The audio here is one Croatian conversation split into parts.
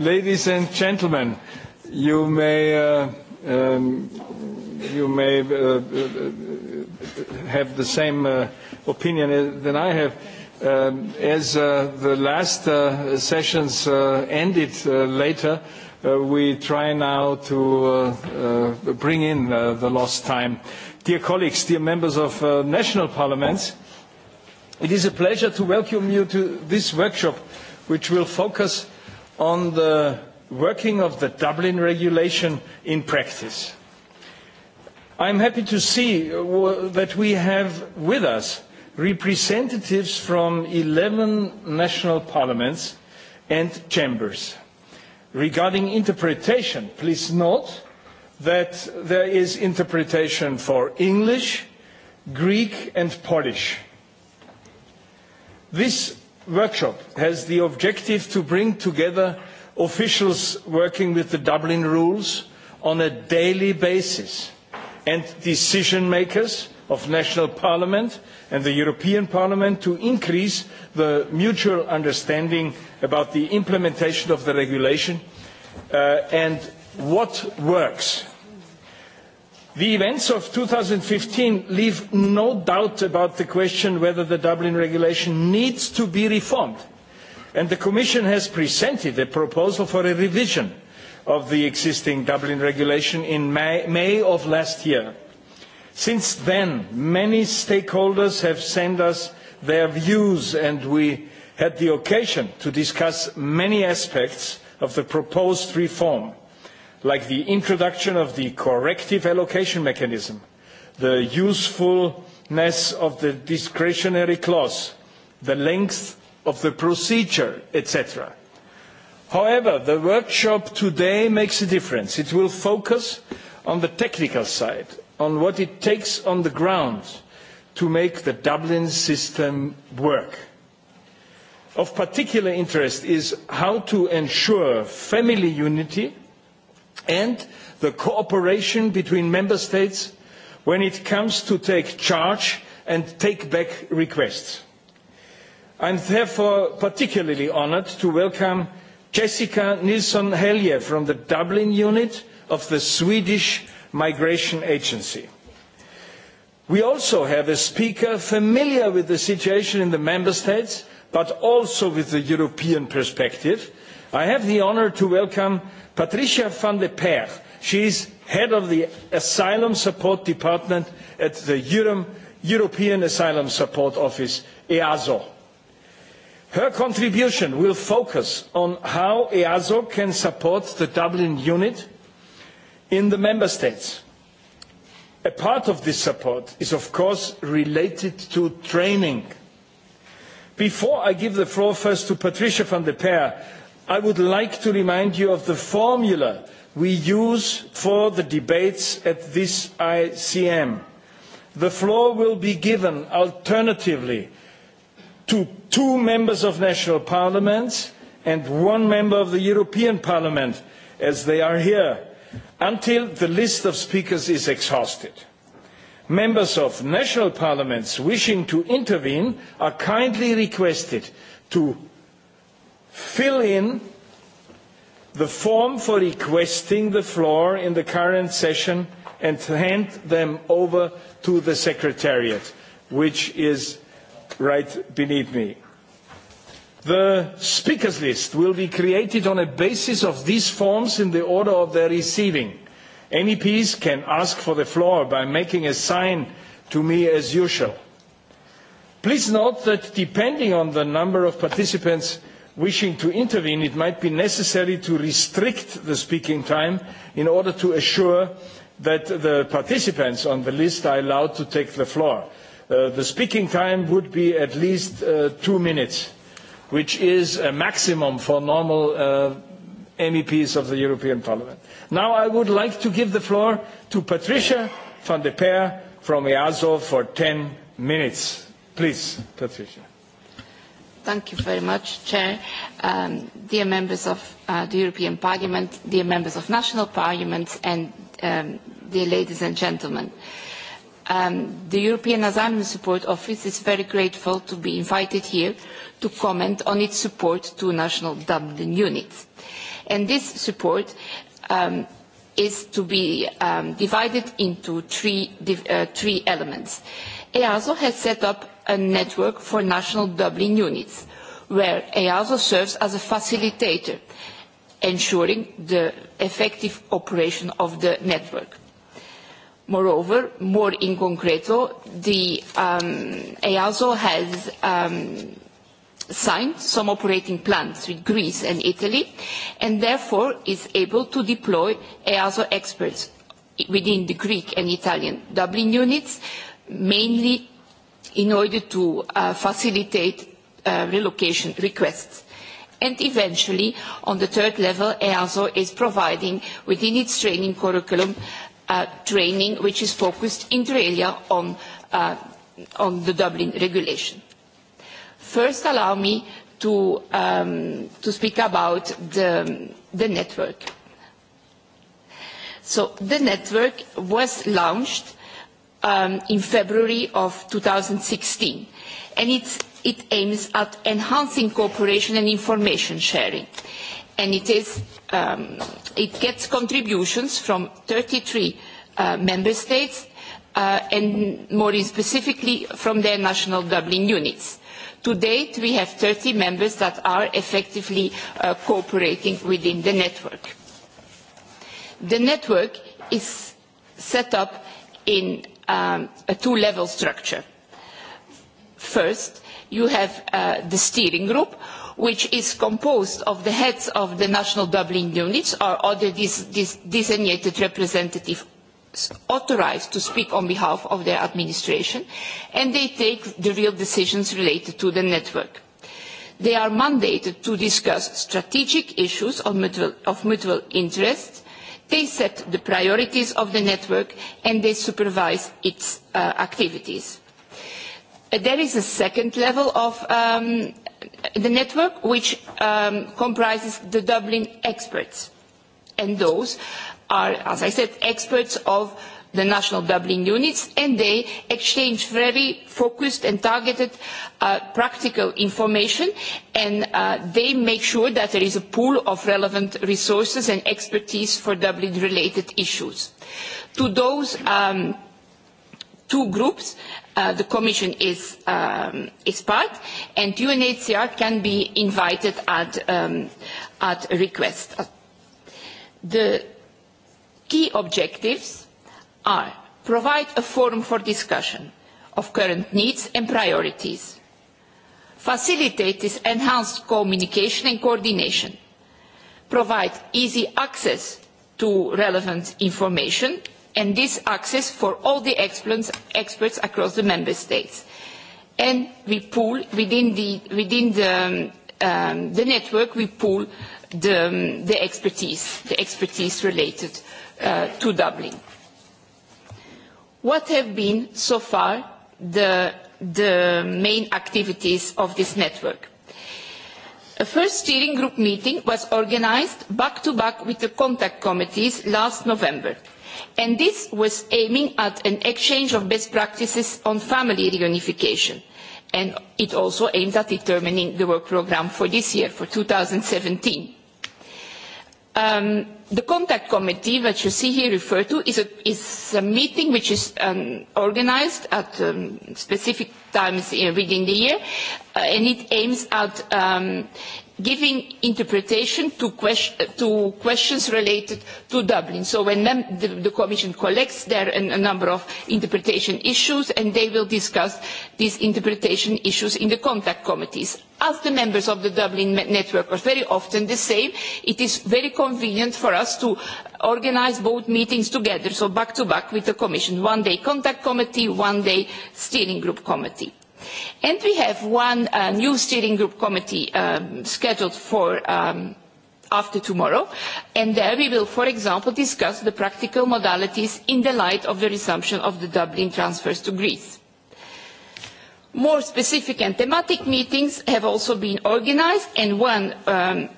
Ladies and gentlemen, you may, uh, um, uh, uh, have the same opinion than I have. Um, as the last sessions ended later, we try now to bring in the lost time. Dear colleagues, dear members of national parliaments, it is a pleasure to welcome you to this workshop, which will focus on the working of the Dublin regulation in practice. I am happy to see uh, that we have with us representatives from 11 national parliaments and chambers. Regarding interpretation, please note that there is interpretation for English, Greek and Polish. This workshop has the objective to bring together officials working with the Dublin rules on a daily basis and decision makers of national parliament and the European Parliament to increase the mutual understanding about the implementation of the regulation uh, and what works the events of 2015 leave no doubt about the question whether the dublin regulation needs to be reformed and the commission has presented a proposal for a revision of the existing dublin regulation in may, may of last year since then many stakeholders have sent us their views and we had the occasion to discuss many aspects of the proposed reform like the introduction of the corrective allocation mechanism, the usefulness of the discretionary clause, the length of the procedure, etc. However, the workshop today makes a difference. It will focus on the technical side, on what it takes on the ground to make the Dublin system work. Of particular interest is how to ensure family unity and the cooperation between member states when it comes to take charge and take back requests. I am therefore particularly honoured to welcome Jessica Nilsson Helier from the Dublin unit of the Swedish Migration Agency. We also have a speaker familiar with the situation in the member states but also with the European perspective. I have the honour to welcome Patricia van der Peer, she is head of the Asylum Support Department at the Euro European Asylum Support Office, EASO. Her contribution will focus on how EASO can support the Dublin unit in the Member States. A part of this support is of course related to training. Before I give the floor first to Patricia van der Peer, i would like to remind you of the formula we use for the debates at this ICM. The floor will be given alternatively to two members of national parliaments and one member of the European Parliament as they are here until the list of speakers is exhausted. Members of national parliaments wishing to intervene are kindly requested to fill in the form for requesting the floor in the current session and hand them over to the secretariat which is right beneath me the speakers list will be created on a basis of these forms in the order of their receiving meps can ask for the floor by making a sign to me as usual please note that depending on the number of participants wishing to intervene, it might be necessary to restrict the speaking time in order to assure that the participants on the list are allowed to take the floor. Uh, the speaking time would be at least uh, two minutes, which is a maximum for normal uh, MEPs of the European Parliament. Now I would like to give the floor to Patricia van de Peer from EASO for 10 minutes. Please, Patricia. Thank you very much, Chair. Um, dear members of uh, the European Parliament, dear members of national parliaments, and um, dear ladies and gentlemen. Um, the European Asylum Support Office is very grateful to be invited here to comment on its support to national Dublin units. And this support um, is to be um, divided into three, uh, three elements. EASO has set up a network for national Dublin units, where EASO serves as a facilitator, ensuring the effective operation of the network. Moreover, more in concreto, the um, EASO has um, signed some operating plans with Greece and Italy and therefore is able to deploy EASO experts within the Greek and Italian Dublin units mainly in order to uh, facilitate uh, relocation requests. And eventually, on the third level, EASO is providing within its training curriculum uh, training which is focused inter alia on, on the Dublin regulation. First, allow me to, um, to speak about the network. So the network was launched Um, in February of 2016, and it's, it aims at enhancing cooperation and information sharing. And it, is, um, it gets contributions from 33 uh, member states, uh, and more specifically from their national Dublin units. To date, we have 30 members that are effectively uh, cooperating within the network. The network is set up in Um, a two level structure. first you have uh, the steering group which is composed of the heads of the national dublin units or other designated representatives authorised to speak on behalf of their administration and they take the real decisions related to the network. they are mandated to discuss strategic issues of mutual interest They set the priorities of the network and they supervise its uh, activities. Uh, there is a second level of um, the network which um, comprises the Dublin experts and those are, as I said, experts of the national Dublin units and they exchange very focused and targeted uh, practical information and uh, they make sure that there is a pool of relevant resources and expertise for Dublin related issues. To those um, two groups, uh, the Commission is, um, is part and UNHCR can be invited at, um, at request. The key objectives are provide a forum for discussion of current needs and priorities, facilitate this enhanced communication and coordination, provide easy access to relevant information and this access for all the experts across the member states and we pool within the within the, um, um the network we pool the, um, the expertise the expertise related uh, to dublin What have been so far the, main activities of this network? A first steering group meeting was organised back to back with the contact committees last November and this was aiming at an exchange of best practices on family reunification and it also aimed at determining the work programme for this year for 2017 um The contact committee that you see here referred to is a, is meeting which is um, organized at um, specific times within the year uh, and it aims at um, giving interpretation to, questions related to Dublin. So when the, Commission collects there are a number of interpretation issues and they will discuss these interpretation issues in the contact committees. As the members of the Dublin network are very often the same, it is very convenient for us to organise both meetings together, so back to back with the Commission, one day contact committee, one day steering group committee. And we have one uh, new steering group committee um, scheduled for um, after tomorrow and there we will for example discuss the practical modalities in the light of the resumption of the dublin transfers to greece. more specific and thematic meetings have also been organised and one um,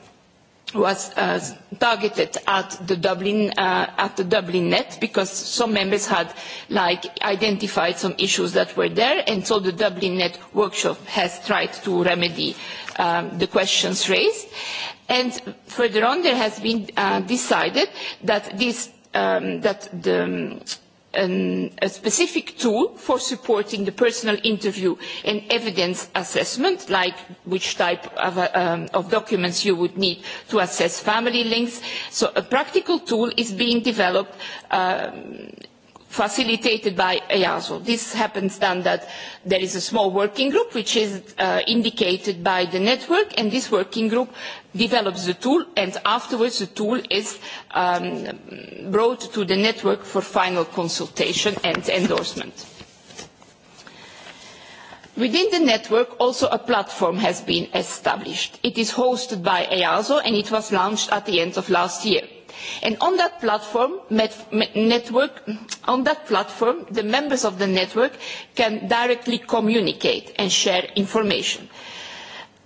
was uh, targeted at the Dublin uh, at the Dublin net because some members had like identified some issues that were there and so the Dublin net workshop has tried to remedy um, the questions raised and further on there has been uh, decided that this um, that the um, a specific tool for supporting the personal interview and evidence assessment, like which type um, of, documents you would need to assess family links. So a practical tool is being developed um, facilitated by EASO. This happens then that there is a small working group which is uh, indicated by the network and this working group develops the tool and afterwards the tool is um, brought to the network for final consultation and endorsement. Within the network also a platform has been established. It is hosted by EASO and it was launched at the end of last year and on that platform network on that platform the members of the network can directly communicate and share information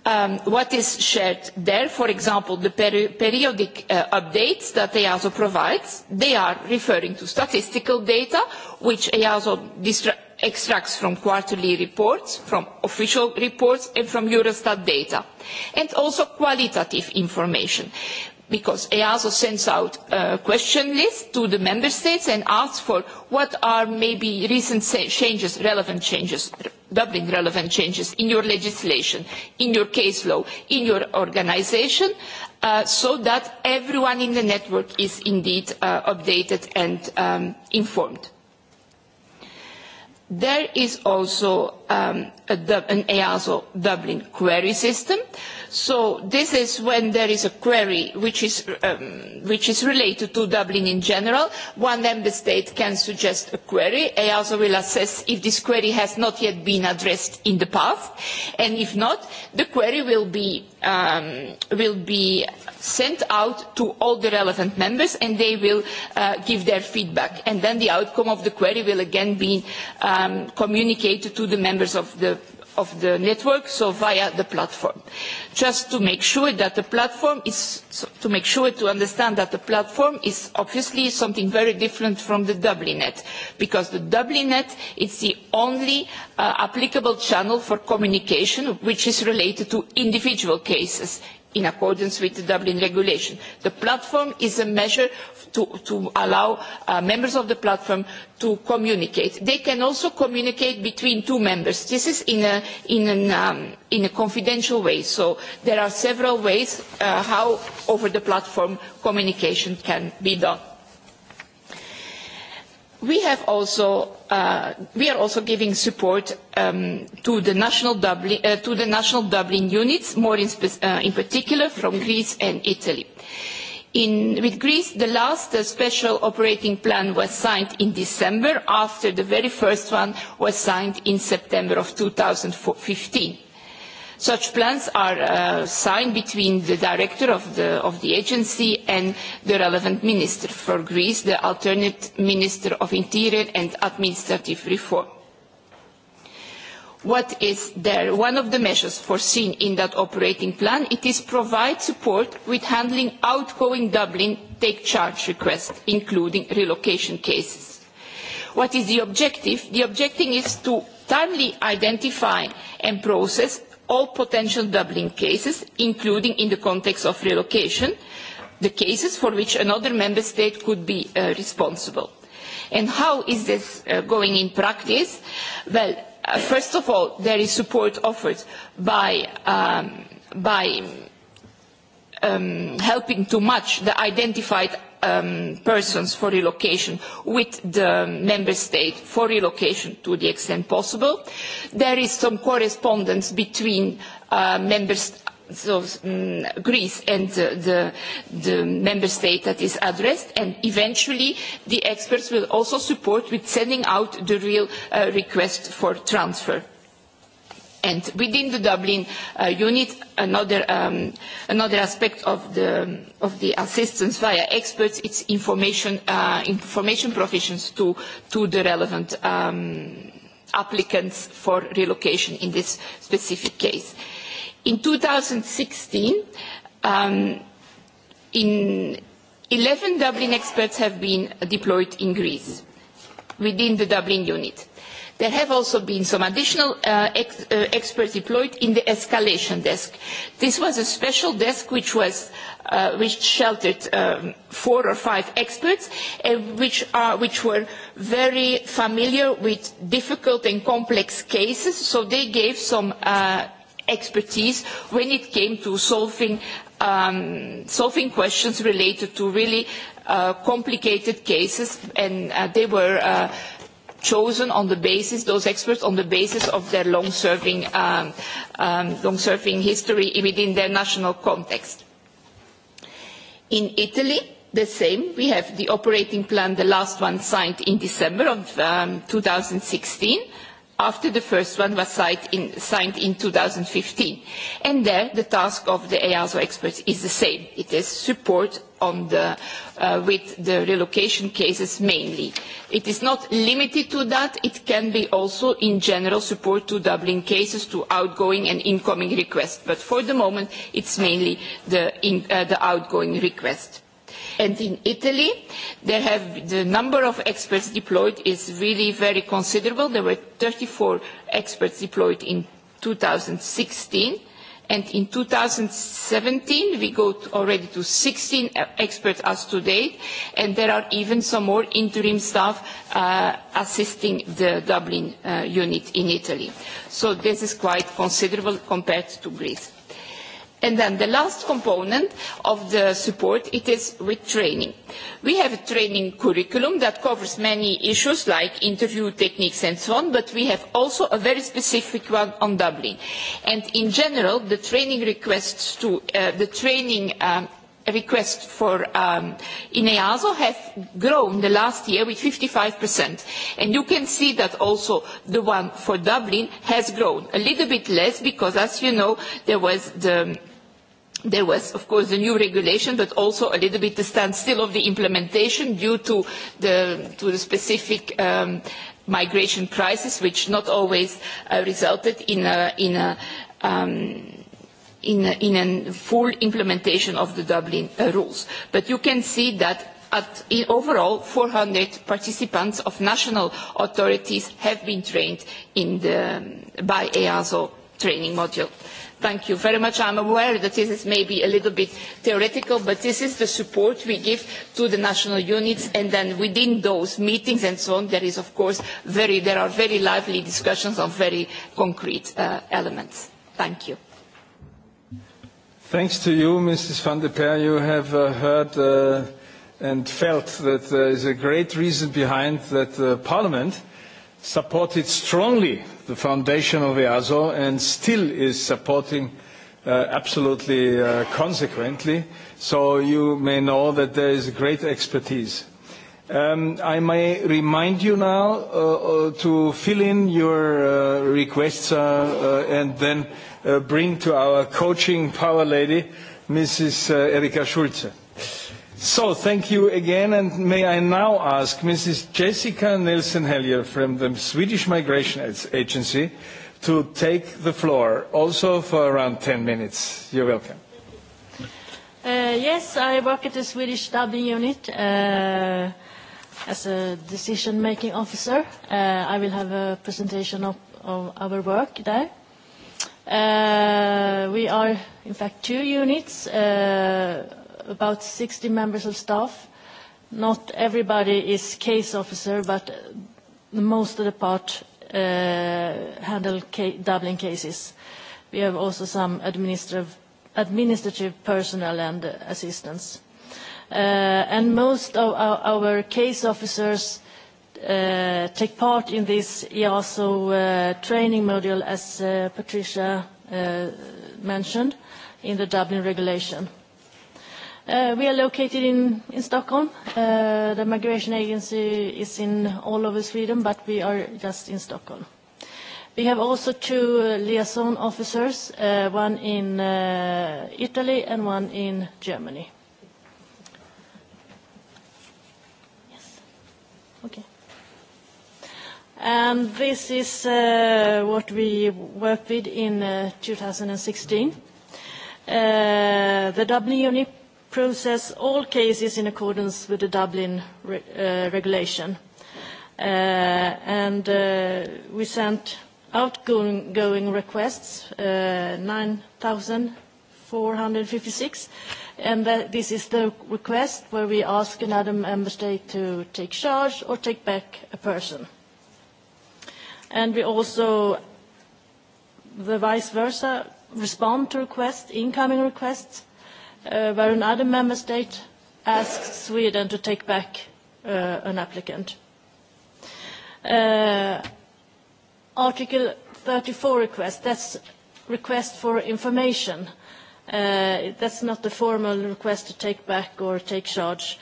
um, what is shared there for example the peri periodic uh, updates that EASO provides they are referring to statistical data which EASO extracts from quarterly reports from official reports and from Eurostat data and also qualitative information because EASO sends out a question list to the member states and asks for what are maybe recent changes, relevant changes, Dublin relevant changes in your legislation, in your case law, in your organisation, uh, so that everyone in the network is indeed uh, updated and um, informed. There is also um, a, an EASO Dublin query system So this is when there is a query which is, um, which is related to Dublin in general. One member state can suggest a query. EASO will assess if this query has not yet been addressed in the past. And if not, the query will be, um, will be sent out to all the relevant members and they will uh, give their feedback. And then the outcome of the query will again be um, communicated to the members of the of the network so via the platform just to make sure that the platform is to make sure to understand that the platform is obviously something very different from the dublinet because the dublinet is the only uh, applicable channel for communication which is related to individual cases in accordance with the dublin regulation. the platform is a measure to, to allow uh, members of the platform to communicate. they can also communicate between two members. this is in a, in um, in a confidential way so there are several ways uh, how over the platform communication can be done we have also uh, we are also giving support um, to the national dublin uh, to the national dublin units more in, uh, in particular from greece and italy in with greece the last special operating plan was signed in december after the very first one was signed in september of 2015 Such plans are uh, signed between the director of the, of the agency and the relevant minister. For Greece, the alternate minister of interior and administrative reform. What is there? One of the measures foreseen in that operating plan, it is provide support with handling outgoing Dublin take charge requests, including relocation cases. What is the objective? The objective is to timely identify and process all potential Dublin cases, including in the context of relocation, the cases for which another member state could be uh, responsible. And how is this uh, going in practice? Well, uh, first of all, there is support offered by, um, by um, helping to match the identified um, persons for relocation with the member state for relocation to the extent possible. There is some correspondence between uh, member mm, Greece and the, the, member state that is addressed and eventually the experts will also support with sending out the real uh, request for transfer and within the dublin uh, unit another um, another aspect of the of the assistance via experts it's information uh, information provisions to to the relevant um, applicants for relocation in this specific case in 2016 um, in 11 dublin experts have been deployed in greece within the dublin unit There have also been some additional uh, uh, experts deployed in the escalation desk. This was a special desk which was uh, which sheltered um, four or five experts which, which were very familiar with difficult and complex cases, so they gave some expertise when it came to solving um, solving questions related to really complicated cases and they were chosen on the basis those experts on the basis of their long serving um, um, long serving history within their national context. In Italy the same we have the operating plan the last one signed in December of um, 2016 after the first one was signed in, 2015. And there, the task of the EASO experts is the same. It is support on the, uh, with the relocation cases mainly. It is not limited to that. It can be also in general support to Dublin cases, to outgoing and incoming requests. But for the moment, it's mainly the, in, uh, the outgoing request And in Italy, the number of experts deployed is really very considerable. There were thirty four experts deployed in thousand And in seventeen we go already to sixteen e, experts as to date, and there are even some more interim staff uh, assisting the Dublin uh, unit in Italy. So this is quite considerable compared to Greece. And then the last component of the support it is training. We have a training curriculum that covers many issues like interview techniques and so on, but we have also a very specific one on Dublin. And in general, the training requests to uh, the training um, requests for um, in have grown the last year with 55%. And you can see that also the one for Dublin has grown a little bit less because, as you know, there was the there was of course the new regulation but also a little bit the standstill of the implementation due to the, to the specific um, migration crisis which not always uh, resulted in a, in a um, in, in full implementation of the Dublin uh, rules. But you can see that at in overall 400 participants of national authorities have been trained in the, by EASO training module. Thank you very much. I'm aware that this is maybe a little bit theoretical, but this is the support we give to the national units, and then within those meetings and so on, there is of course very, there are very lively discussions on very concrete uh, elements. Thank you. Thanks to you, Mrs. van der Peer. You have uh, heard uh, and felt that there is a great reason behind that uh, Parliament supported strongly the foundation of EASO and still is supporting uh, absolutely uh, consequently. So you may know that there is great expertise. Um, I may remind you now uh, to fill in your requests and then bring to our coaching power lady, Mrs. Erika Schulze. So, thank you again, and may I now ask Mrs. Jessica Nelson hellier from the Swedish Migration Agency to take the floor, also for around 10 minutes. You're welcome. Uh, yes, I work at the Swedish Dublin unit uh, as a decision-making officer. Uh, I will have a presentation of, of our work there. Uh, we are, in fact, two units. Uh, about 60 members of staff. Not everybody is case officer, but most of the part uh, handle Dublin cases. We have also some administrative, personnel and assistants. Uh, and most of our, case officers uh, take part in this EASO training module, as Patricia mentioned, in the Dublin regulation. Uh, we are located in, in Stockholm. Uh, the migration agency is in all over Sweden, but we are just in Stockholm. We have also two liaison officers, uh, one in Italy and one in Germany. Yes. Okay. And this is what we worked with in 2016. The Dublin unit process all cases in accordance with the Dublin uh, regulation. Uh, and uh, we sent outgoing going requests, 9,456, and this is the request where we ask another member state to take charge or take back a person. And we also, the vice versa, respond to requests, incoming requests, where eh, another member state asks Sweden to take back eh, an applicant. Eh, Article Article 34 request, that's request for information. that's not the formal request to take back or take charge.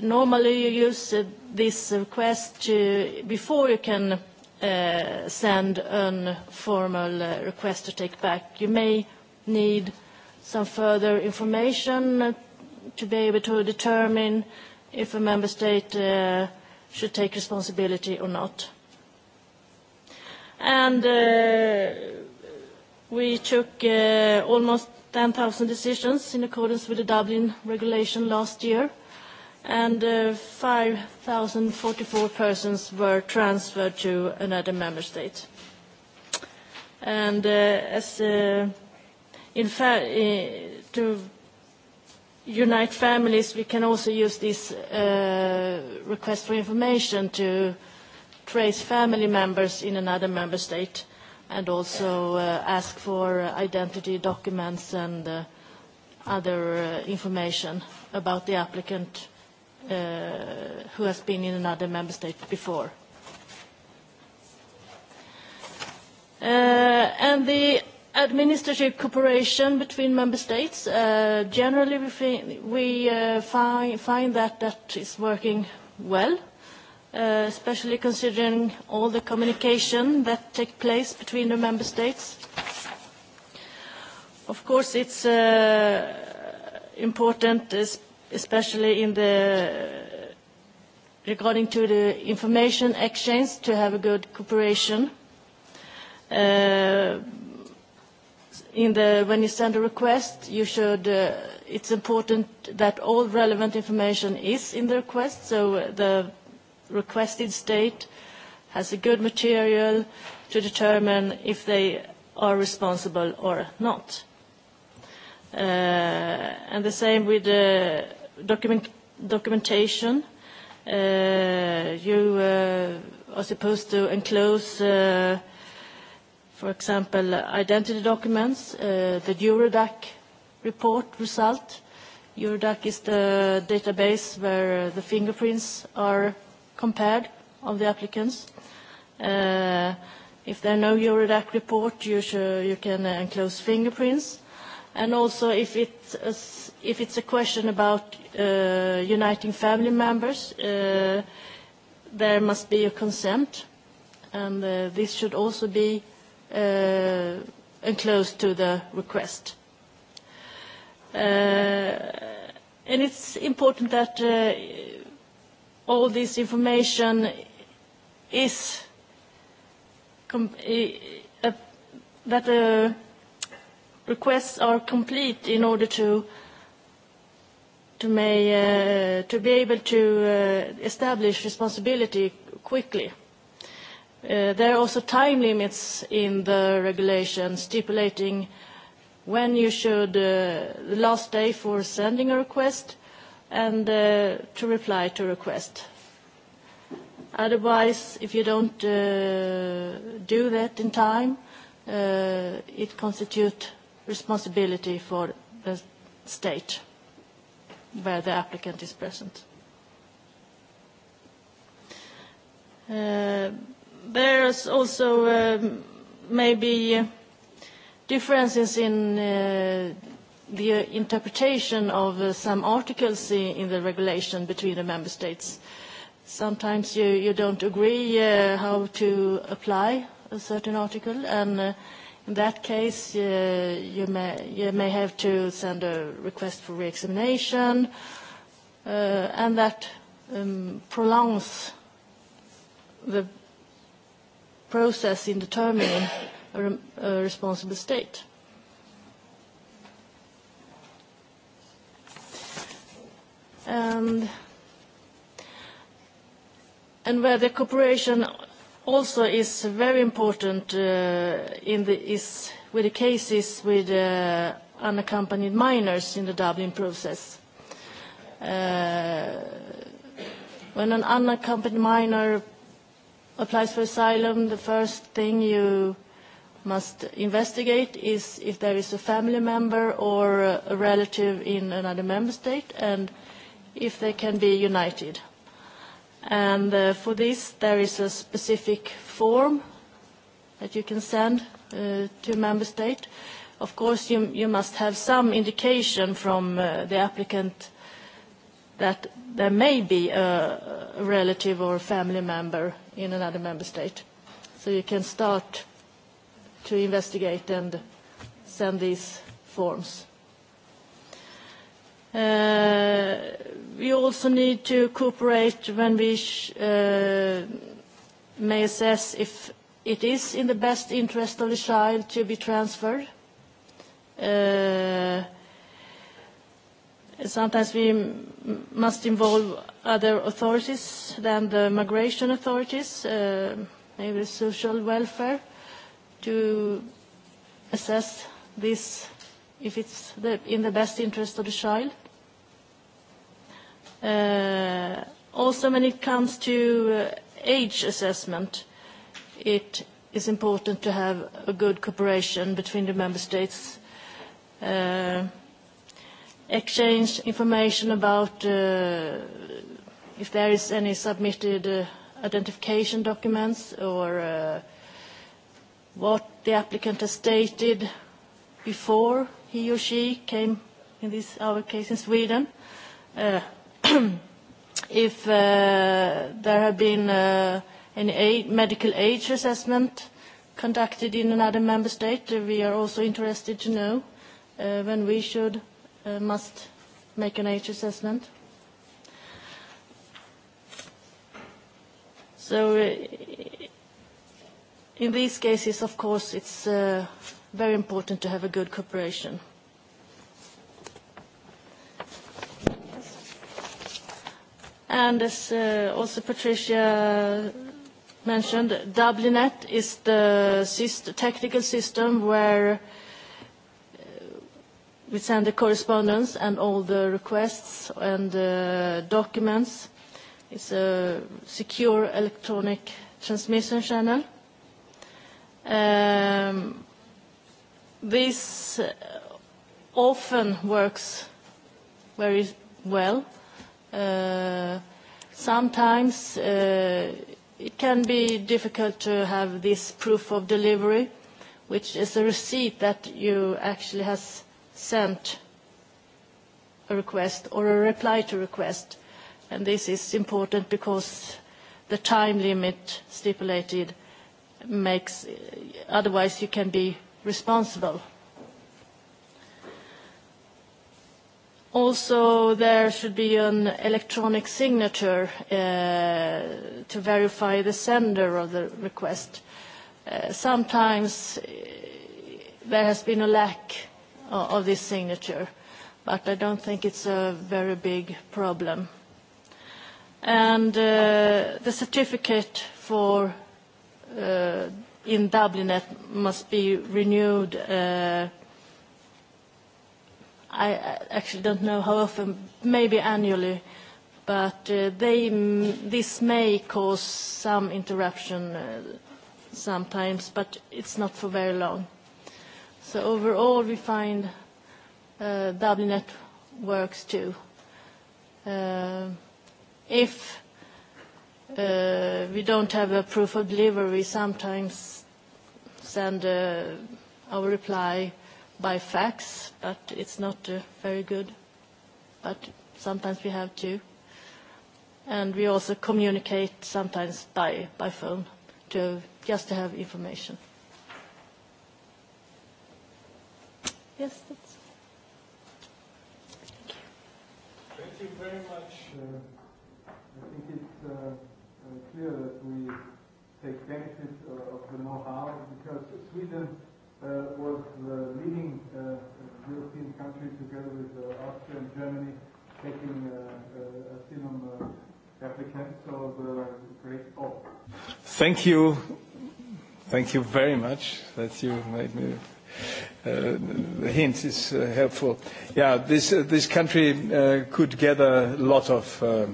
Normally you use this request to, before you can send a formal request to take back. You may need some further information to be able to determine if a member state uh, should take responsibility or not. And uh, we took uh, almost 10,000 decisions in accordance with the Dublin regulation last year, and uh, 5,044 persons were transferred to another member state. And uh, as uh, in fa eh, to unite families we can also use this uh, request for information to trace family members in another member state and also uh, ask for identity documents and uh, other uh, information about the applicant uh, who has been in another member state before. Uh, and the administrative cooperation between member states. Uh, generally, we, uh, find, that that is working well, uh, especially considering all the communication that takes place between the member states. Of course, it's important, especially in the regarding to the information exchange, to have a good cooperation in the when you send a request you should uh, it's important that all relevant information is in the request so uh, the requested state has a good material to determine if they are responsible or not uh, and the same with the documentation you are supposed to enclose for example, identity documents, uh, the Eurodac report result. Eurodac is the database where uh, the fingerprints are compared of the applicants. Uh, if there are no Eurodac report, you, you can enclose fingerprints. And also, if it's a, if it's a question about uniting family members, there must be a consent, and this should also be Uh, and enclosed to the request. Uh, and it's important that uh, all this information is com uh, that the requests are complete in order to to may uh, to be able to uh, establish responsibility quickly Uh, there are also time limits in the regulation stipulating when you should uh, the last day for sending a request and uh, to reply to request. Otherwise, if you don't do that in time, it constitutes responsibility for the state where the applicant is present. There's also um, maybe differences in uh, the interpretation of uh, some articles in the regulation between the member states. Sometimes you, you don't agree uh, how to apply a certain article, and in that case, you may, you may have to send a request for re-examination, and that um, prolongs the process in determining a, a responsible state. And, and where the cooperation also is very important uh, in the, is with the cases with uh, unaccompanied minors in the Dublin process. Uh, when an unaccompanied minor applies for asylum, the first thing you must investigate is if there is a family member or a relative in another member state and if they can be united. And uh, for this, there is a specific form that you can send uh, to a member state. Of course, you, you must have some indication from uh, the applicant that there may be a relative or a family member in another member state. So you can start to investigate and send these forms. Uh, we also need to cooperate when we sh uh, may assess if it is in the best interest of the child to be transferred. Uh, sometimes we must involve other authorities than the migration authorities, uh, maybe social welfare, to assess this if it's in the best interest of the child. Uh, also, when it comes to uh, age assessment, it is important to have a good cooperation between the member states exchange information about uh, if there is any submitted uh, identification documents or uh, what the applicant has stated before he or she came, in this our case in Sweden. if there have been any aid, medical age assessment conducted in another member state, we are also interested to know when we should Uh, must make an age assessment. So uh, in these cases, of course, it's uh, very important to have a good cooperation. And as also Patricia mentioned, Dublinet is the technical system where we send the correspondence and all the requests and uh, documents. It's a secure electronic transmission channel. Um, this uh, often works very well. Uh, sometimes uh, it can be difficult to have this proof of delivery, which is a receipt that you actually has sent a request or a reply to request and this is important because the time limit stipulated makes otherwise you can be responsible also there should be an electronic signature uh, to verify the sender of the request uh, sometimes uh, there has been a lack of this signature, but I don't think it's a very big problem. And uh, the certificate for uh, in Dublinet must be renewed. Uh, I actually don't know how often, maybe annually, but uh, they, this may cause some interruption uh, sometimes, but it's not for very long. So overall, we find uh, Dublinet works too. Uh, if uh, we don't have a proof of delivery, sometimes send uh, our reply by fax, but it's not uh, very good. But sometimes we have to. And we also communicate sometimes by, by phone to just to have information. Yes, that's... Thank you. very much. Uh, I think it's uh, uh clear that we take benefit uh, of the know-how because Sweden uh, was the leading uh, uh European country together with uh, Austria and Germany taking uh, uh, asylum uh, applicants. So the great hope. Thank you Thank you very much that you made me uh, the hint is uh, helpful. Yeah, this uh, this country uh, could gather a lot of uh, uh,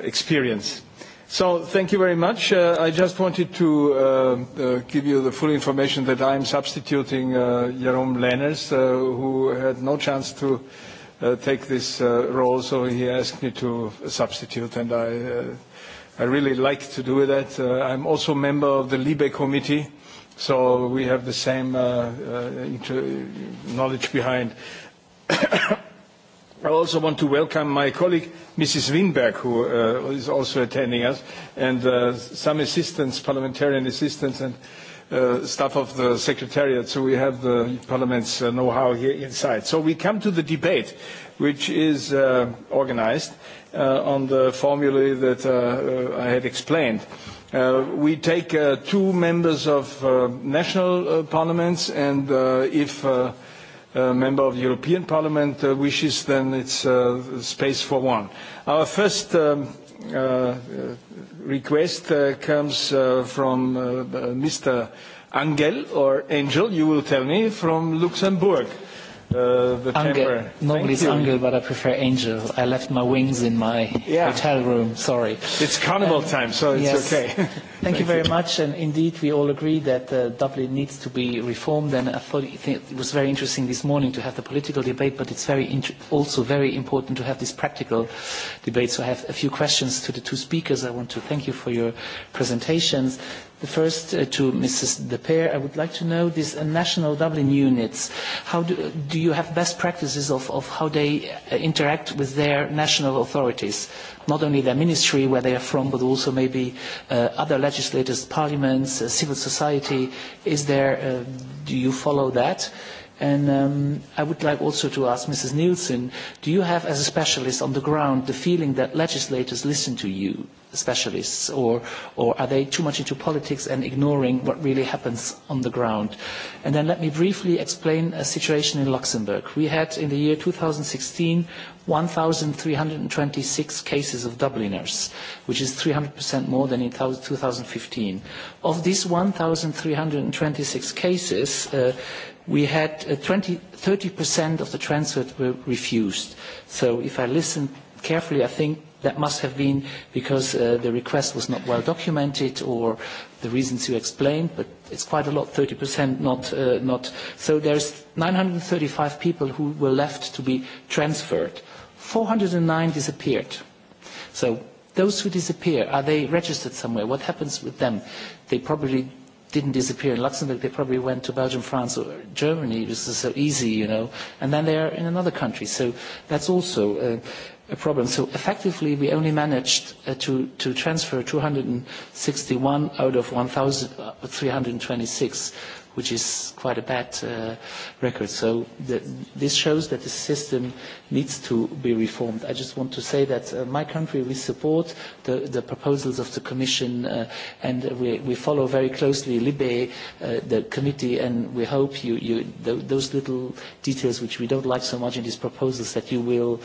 experience. So thank you very much. I just wanted to give you the full information that I am substituting Jerome Lenners, who had no chance to take this role, so he asked me to substitute, and I i really like to do that. Uh, I'm also a member of the LIBE committee, so we have the same uh, uh, knowledge behind. I also want to welcome my colleague, Mrs. Winberg, who is also attending us, and some assistants, parliamentarian assistants, and staff of the secretariat, so we have the parliament's know-how here inside. So we come to the debate, which is organized Uh, on the formulae that uh, uh, I had explained. we take two members of national parliaments and if a member of the European Parliament wishes then it's space for one. Our first um, request comes from Mr. Angel or Angel, you will tell me, from Luxembourg. Uh, the Angel. Normally it's Angel, but I prefer Angel. I left my wings in my yeah. hotel room. Sorry. It's carnival um, time, so it's yes. okay. Thank, Thank you very you. much. And indeed, we all agree that uh, Dublin needs to be reformed. And I thought it was very interesting this morning to have the political debate, but it's very int also very important to have this practical debate. So I have a few questions to the two speakers. I want to thank you for your presentations. The first uh, to Mrs. Depair, I would like to know these uh, national Dublin units. How do, do you have best practices of, of how they uh, interact with their national authorities? Not only their ministry, where they are from, but also maybe uh, other legislators, parliaments, uh, civil society. Is there, uh, do you follow that? And um, I would like also to ask Mrs. Nielsen, do you have, as a specialist on the ground, the feeling that legislators listen to you, specialists, or, or are they too much into politics and ignoring what really happens on the ground? And then let me briefly explain a situation in Luxembourg. We had, in the year 2016, 1,326 cases of Dubliners, which is 300% more than in 2015. Of these 1,326 cases, uh, we had 20, uh, 30% of the transfers were refused. So if I listen carefully, I think that must have been because uh, the request was not well documented or the reasons you explained, but it's quite a lot, 30% not, uh, not. So there's 935 people who were left to be transferred. 409 disappeared. So those who disappear, are they registered somewhere? What happens with them? They probably didn't disappear in Luxembourg, they probably went to Belgium, France, or Germany. This is so easy, you know. And then they are in another country. So that's also a problem. So effectively, we only managed uh, to, to transfer 261 out of 1,326 which is quite a bad uh, record. So this shows that the system needs to be reformed. I just want to say that uh, my country, we support the, the proposals of the Commission uh, and we, we follow very closely LIBE, uh, the committee, and we hope you, you th those little details which we don't like so much in these proposals that you will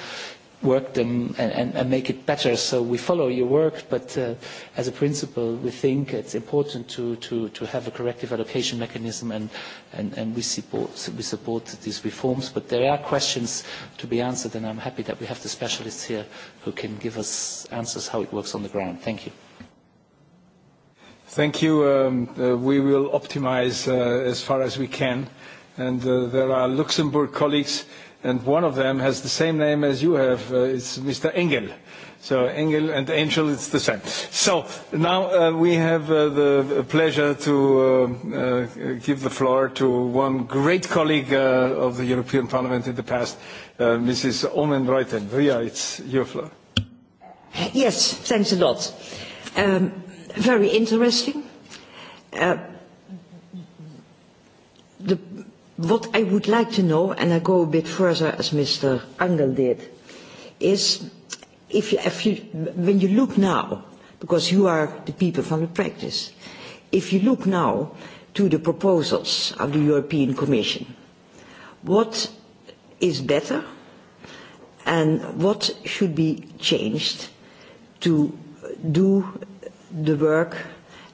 work them and, and, and make it better. So we follow your work, but uh, as a principle, we think it's important to, to, to have a corrective allocation mechanism, and, and, and we, support, we support these reforms. But there are questions to be answered, and I'm happy that we have the specialists here who can give us answers how it works on the ground. Thank you. Thank you. Um, uh, we will optimize uh, as far as we can. And uh, there are Luxembourg colleagues and one of them has the same name as you have. Uh, it's Mr. Engel. So Engel and Angel, it's the same. So now uh, we have uh, the pleasure to uh, uh, give the floor to one great colleague uh, of the European Parliament in the past, uh, Mrs. Omen Reuten. Ria, it's your floor. Yes, thanks a lot. Um, very interesting. What I would like to know, and I go a bit further as Mr. Angel did, is if you, if you, when you look now, because you are the people from the practice, if you look now to the proposals of the European Commission, what is better and what should be changed to do the work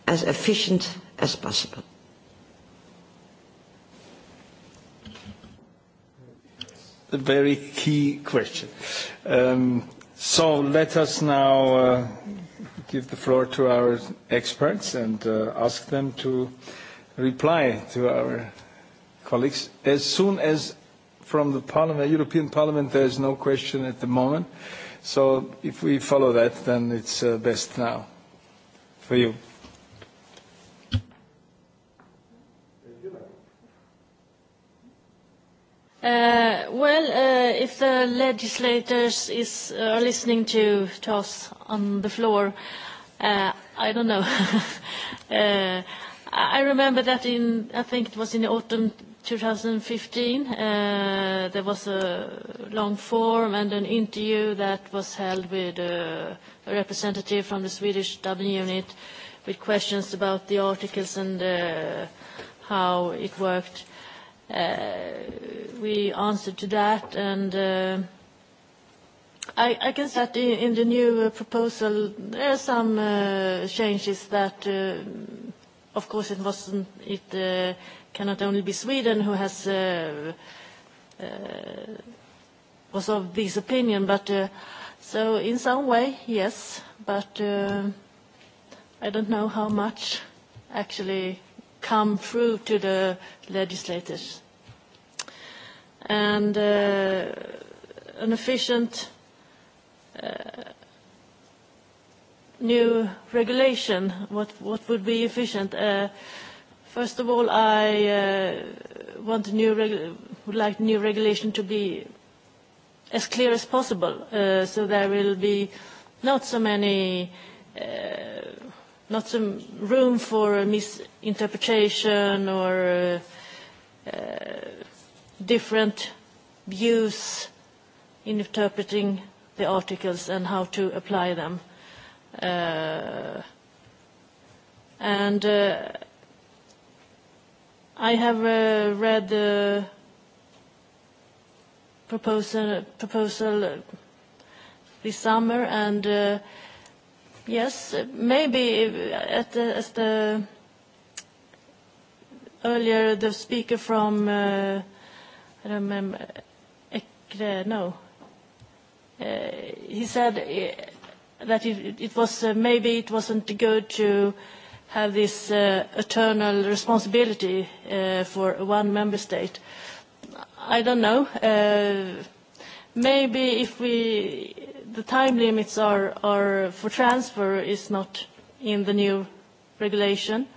as efficient as possible? a very key question. Um, so let us now uh, give the floor to our experts and uh, ask them to reply to our colleagues. As soon as from the parliament, European Parliament, there is no question at the moment. So if we follow that, then it's uh, best now for you. Uh, well, uh, if the legislators is, uh, are listening to, to us on the floor, uh, I don't know. uh, I remember that in, I think it was in the autumn 2015, uh, there was a long form and an interview that was held with uh, a representative from the Swedish Dublin unit with questions about the articles and uh, how it worked. Uh, we answered to that and uh, i, I can say that in the new uh, proposal there are some changes that of course it wasn't it cannot only be Sweden who has was of this opinion but so in some way yes but I don't know how much actually come through to the legislators and uh, an efficient uh, new regulation, what, what would be efficient? Uh, first of all, I uh, want a new would like new regulation to be as clear as possible, uh, so there will be not so many, uh, not some room for misinterpretation or uh, uh, different views in interpreting the articles and how to apply them. Uh, and uh, I have uh, read the proposal, proposal this summer, and uh, yes, maybe at the, as the earlier the speaker from uh, remember Ekre, no. Uh, he said uh, that it, it was uh, maybe it wasn't good to have this uh, eternal responsibility uh, for one member state. I don't know. Uh, maybe if we the time limits are, are for transfer is not in the new regulation,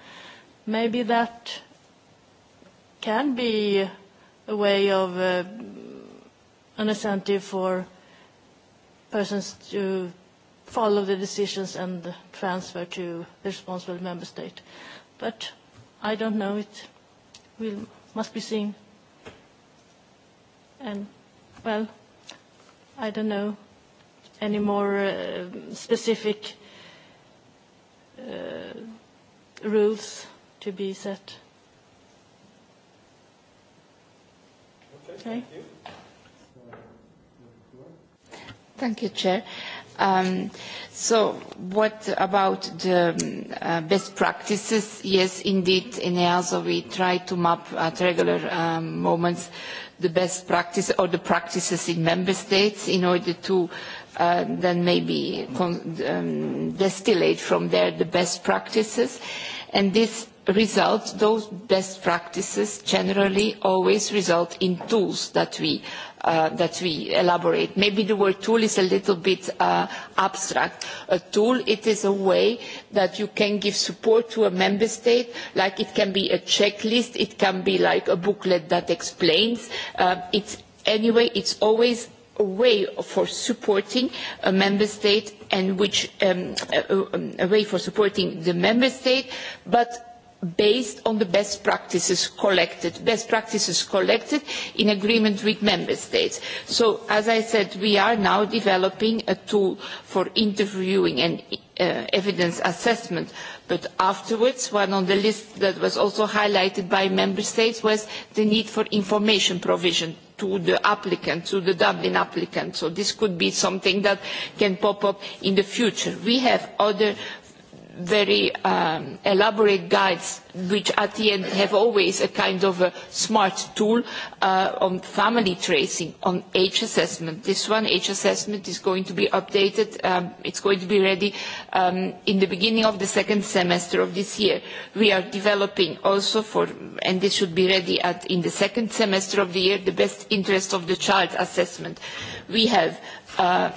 maybe that can be a way of uh, an incentive for persons to follow the decisions and transfer to the responsible member state. But I don't know. It will, must be seen. And, well, I don't know any more uh, specific uh, rules to be set. Okay. Thank you, Chair. Um, so what about the um, uh, best practices? Yes, indeed, in EASO we try to map at regular um, moments the best practice or the practices in member states in order to uh, then maybe con um, distillate from there the best practices. And this result those best practices generally always result in tools that we uh, that we elaborate maybe the word tool is a little bit uh, abstract a tool it is a way that you can give support to a member state like it can be a checklist it can be like a booklet that explains uh, it's anyway it's always a way for supporting a member state and which um, a way for supporting the member state but based on the best practices collected best practices collected in agreement with member states so as i said we are now developing a tool for interviewing and uh, evidence assessment but afterwards one on the list that was also highlighted by member states was the need for information provision to the applicant to the dublin applicant so this could be something that can pop up in the future we have other very um, elaborate guides which at the end have always a kind of a smart tool uh, on family tracing, on age assessment. This one, age assessment, is going to be updated. Um, it's going to be ready um, in the beginning of the second semester of this year. We are developing also for, and this should be ready at, in the second semester of the year, the best interest of the child assessment. We have uh,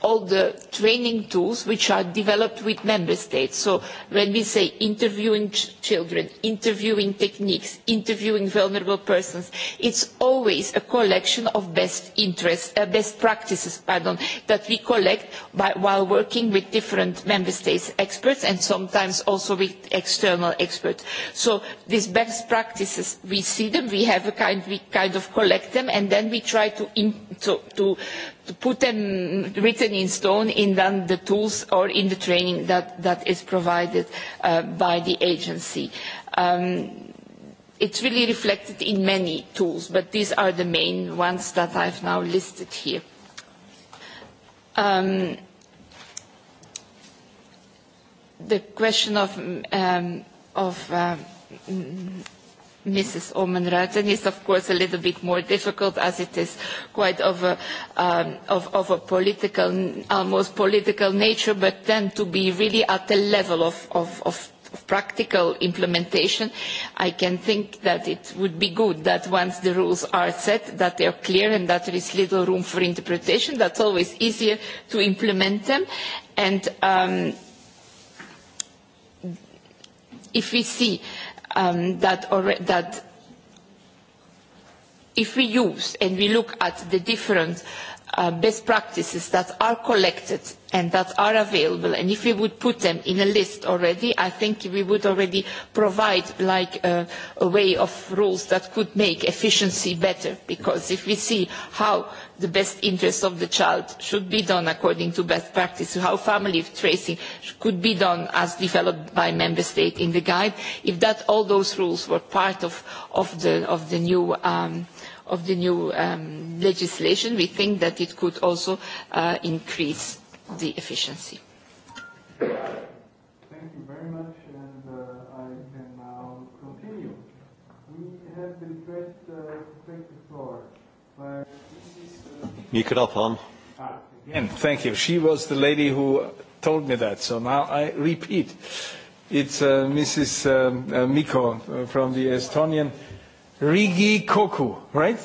all the training tools which are developed with member states so when we say interviewing children interviewing techniques interviewing vulnerable persons it's always a collection of best interests, uh, best practices pardon that we collect while working with different member states experts and sometimes also with external experts so these best practices we see them we have a kind we kind of collect them and then we try to put them written in stone in the tools or in the training that, that is provided uh, by the agency. Um, it's really reflected in many tools, but these are the main ones that I've now listed here. Um, the question of, um, of uh, Mrs. Omenruijten is of course a little bit more difficult as it is quite of a, um, of, of a political, almost political nature, but then to be really at the level of, of, of of practical implementation, I can think that it would be good that once the rules are set, that they are clear and that there is little room for interpretation. That's always easier to implement them. And um, if we see um, that, that if we use and we look at the different Uh, best practices that are collected and that are available and if we would put them in a list already i think we would already provide like a, way of rules that could make efficiency better because if we see how the best interests of the child should be done according to best practice how family tracing could be done as developed by member state in the guide if that all those rules were part of, of, the, of the new um, of the new um, legislation, we think that it could also uh, increase the efficiency. Thank you very much, and uh, I can now continue. We have the request uh, to take the floor. Where... Microphone. Ah, again, thank you. She was the lady who told me that, so now I repeat. It's uh, Mrs. Um, uh, Miko uh, from the Estonian Rigi Koku, right?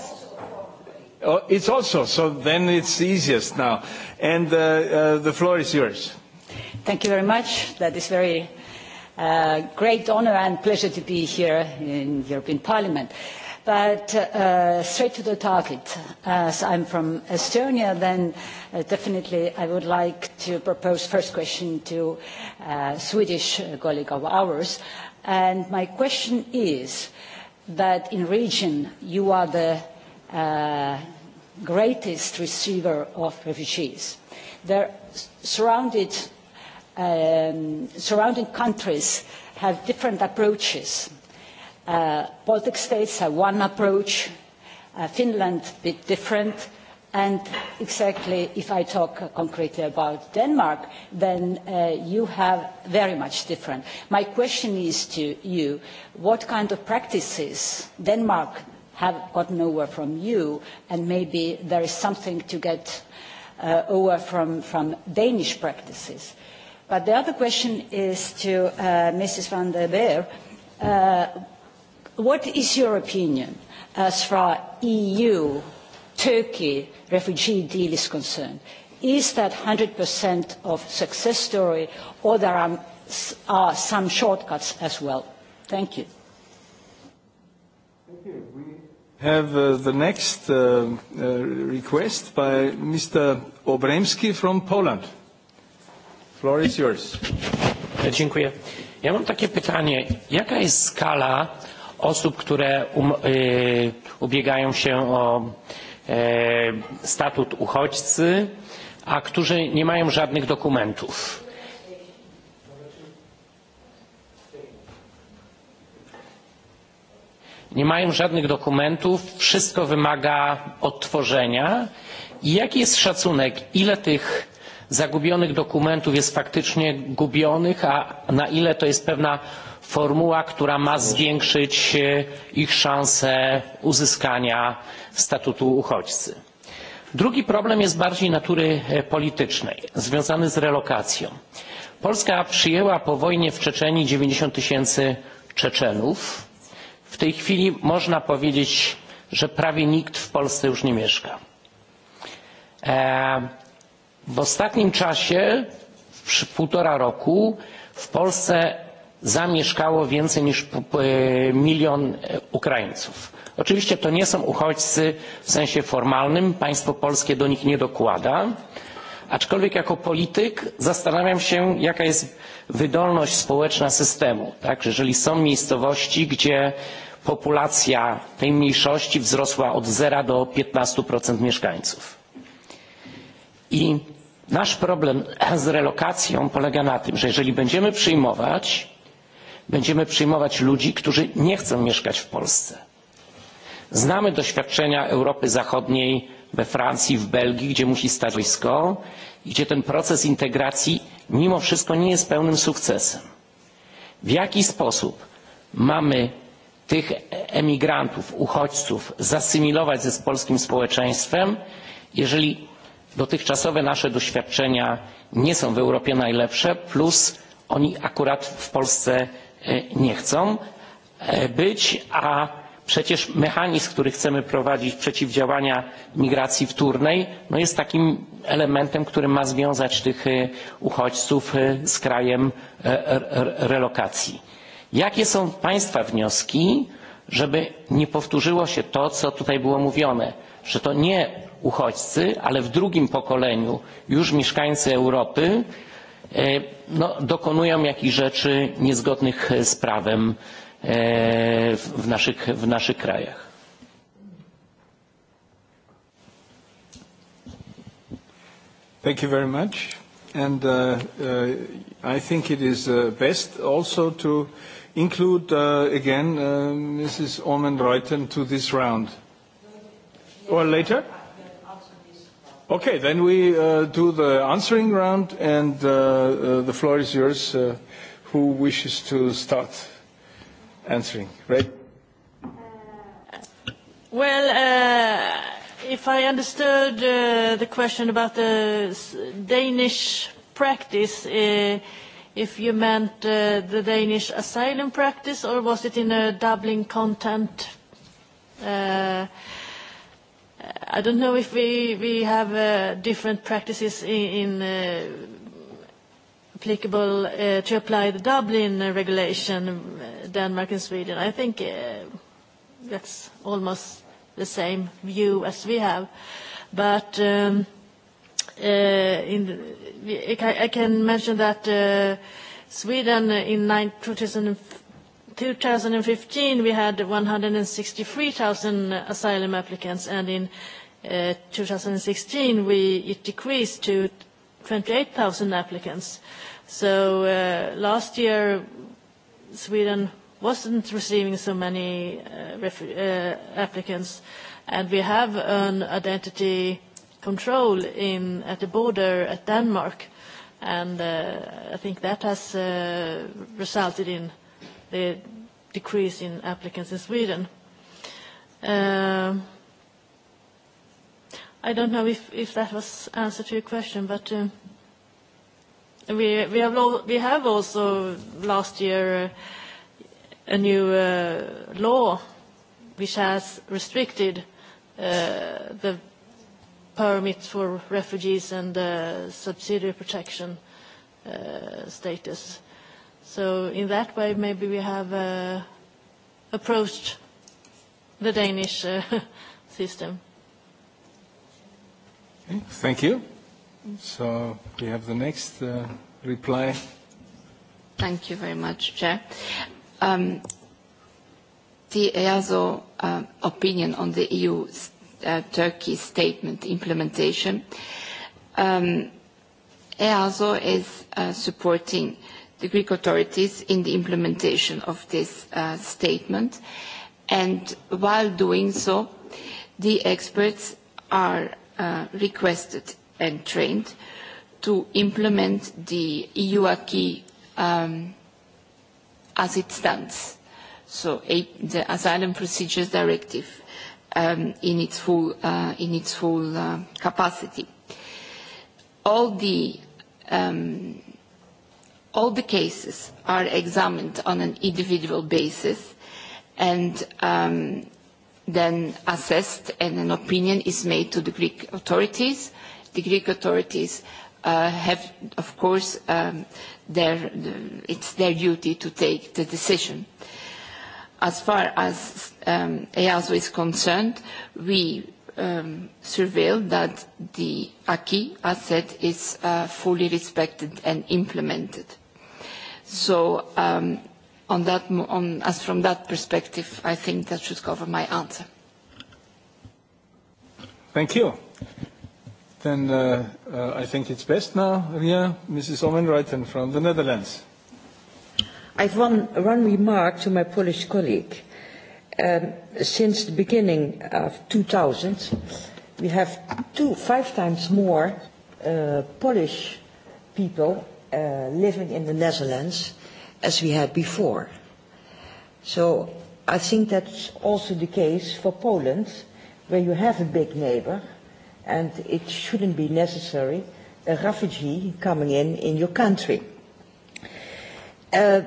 Oh, it's also, so then it's easiest now. And uh, uh, the floor is yours. Thank you very much. That is very uh, great honor and pleasure to be here in European Parliament. But uh, straight to the target, as I'm from Estonia, then uh, definitely I would like to propose first question to uh, Swedish colleague of ours. And my question is, that in region you are the uh, greatest receiver of refugees. Their um, surrounding countries have different approaches. Uh, Baltic states have one approach, uh, Finland a bit different, and exactly if i talk concretely about denmark then uh, you have very much different my question is to you what kind of practices denmark have gotten over from you and maybe there is something to get uh, over from, danish practices but the other question is to uh, mrs van der Beer. Uh, what is your opinion as far eu Turkey refugee deal is concerned. Is that 100% of success story or there are, are some shortcuts as well? Thank you. Thank you. We have uh, the next uh, uh, request by Mr. Obremski from Poland. Floor is yours. E, dziękuję. Ja mam takie pytanie. Jaka jest skala osób, które um, y, ubiegają się o E, statut uchodźcy, a którzy nie mają żadnych dokumentów. Nie mają żadnych dokumentów, wszystko wymaga odtworzenia. I jaki jest szacunek, ile tych zagubionych dokumentów jest faktycznie gubionych, a na ile to jest pewna formuła, która ma zwiększyć e, ich szanse uzyskania statutu uchodźcy. Drugi problem jest bardziej natury e, politycznej, związany z relokacją. Polska przyjęła po wojnie w Czeczeni 90 tysięcy Czeczenów. W tej chwili można powiedzieć, że prawie nikt w Polsce już nie mieszka. E, w ostatnim czasie, w półtora roku, w Polsce zamieszkało więcej niż e, milion e, Ukraińców. Oczywiście to nie są uchodźcy w sensie formalnym, państwo polskie do nich nie dokłada, aczkolwiek jako polityk zastanawiam się, jaka jest wydolność społeczna systemu. Tak? Jeżeli są miejscowości, gdzie populacja tej mniejszości wzrosła od 0 do 15% mieszkańców. I nasz problem z relokacją polega na tym, że jeżeli będziemy przyjmować, będziemy przyjmować ludzi, którzy nie chcą mieszkać w Polsce. Znamy doświadczenia Europy Zachodniej we Francji, w Belgii, gdzie musi stać wojsko i gdzie ten proces integracji mimo wszystko nie jest pełnym sukcesem. W jaki sposób mamy tych emigrantów, uchodźców zasymilować ze polskim społeczeństwem, jeżeli dotychczasowe nasze doświadczenia nie są w Europie najlepsze, plus oni akurat w Polsce E, nie chcą e, być, a przecież mechanizm, który chcemy prowadzić przeciwdziałania migracji wtórnej, jest takim elementem, który ma związać tych e, uchodźców z krajem relokacji. Jakie są Państwa wnioski, żeby nie powtórzyło się to, co tutaj było mówione, że to nie uchodźcy, ale w drugim pokoleniu już mieszkańcy Europy E, no, dokonują jakichś rzeczy niezgodnych z prawem e, w naszych, w naszych krajach. Thank you very much. And uh, uh, I think it is uh, best also to include uh, again uh, Mrs. Omen Reuten to this round. Or later? Okay, then we uh, do the answering round, and uh, uh, the floor is yours. Uh, who wishes to start answering? Right? Uh, well, uh, if I understood uh, the question about the Danish practice, uh, if you meant uh, the Danish asylum practice, or was it in a Dublin content? Uh, i don't know if we, we have uh, different practices in, uh, applicable uh, to apply the Dublin regulation, Denmark and Sweden. I think uh, that's almost the same view as we have. But um, uh, in, I can mention that Sweden in 2015 we had 163,000 asylum applicants and in 2016, eh, we, it decreased to 28,000 applicants. So eh, last year, Sweden wasn't receiving so many eh, applicants, and we have an identity control in at the border at Denmark, and I think that has resulted in the decrease in applicants in Sweden. I don't know if, if that was answer to your question, but uh, we, we, have we have also last year uh, a new uh, law which has restricted uh, the permits for refugees and uh, subsidiary protection uh, status. So in that way, maybe we have uh, approached the Danish uh, system. Thank you. So we have the next uh, reply. Thank you very much, Chair. Um, the EASO uh, opinion on the EU uh, Turkey statement implementation. Um, EASO is uh, supporting the Greek authorities in the implementation of this uh, statement. And while doing so, the experts are uh, requested and trained to implement the EU acquis um, as it stands, so a, the Asylum Procedures Directive um, in its full, uh, in its full uh, capacity. All the, um, all the cases are examined on an individual basis and um, then assessed and an opinion is made to the Greek authorities. The Greek authorities uh, have, of course, um, their, it's their duty to take the decision. As far as um, EASO is concerned, we um, surveil that the acquis asset is uh, fully respected and implemented. So um, on that, on, as from that perspective, I think that should cover my answer. Thank you. Then uh, uh, I think it's best now, Ria, Mrs. Omenreiten from the Netherlands. I one, remark to my Polish colleague. Um, since the beginning of 2000, we have two, five times more uh, Polish people living in the Netherlands as we had before. So I think that's also the case for Poland, where you have a big neighbor, and it shouldn't be necessary a refugee coming in in your country. Uh,